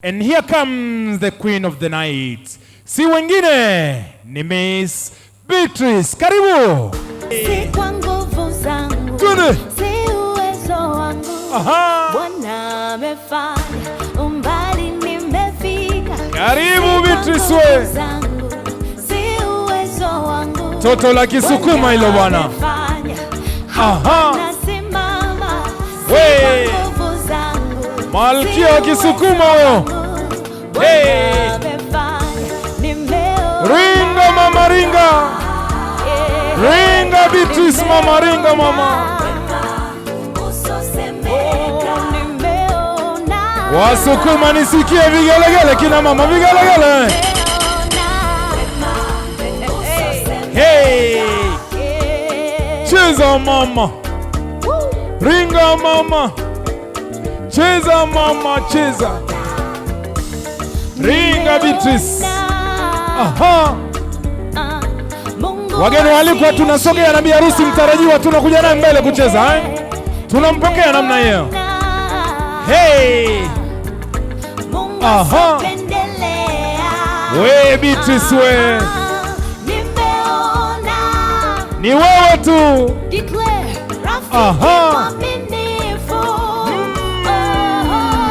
And here comes the queen of the night. Si wengine ni Miss Beatrice. Karibu. Si kwa nguvu zangu, si uwezo wangu. Aha. Bwana amefanya, umbali nimefika. Karibu Beatrice we. Si uwezo wangu. Toto la Kisukuma hilo bwana. Aha. Malkia akisukuma huyo. Ringa mama ringa. Ringa Beatrice mama ringa mama. Wasukuma nisikie vigelegele kina mama vigelegele. Hey. Cheza mama. Ringa mama. Cheza mama, cheza ringa Beatrice. Aha, wageni walikuwa tunasogea na biharusi mtarajiwa, tunakuja naye mbele kucheza eh? Tunampokea namna hiyo. Hey. Aha. We Beatrice, we ni wewe tu. Aha.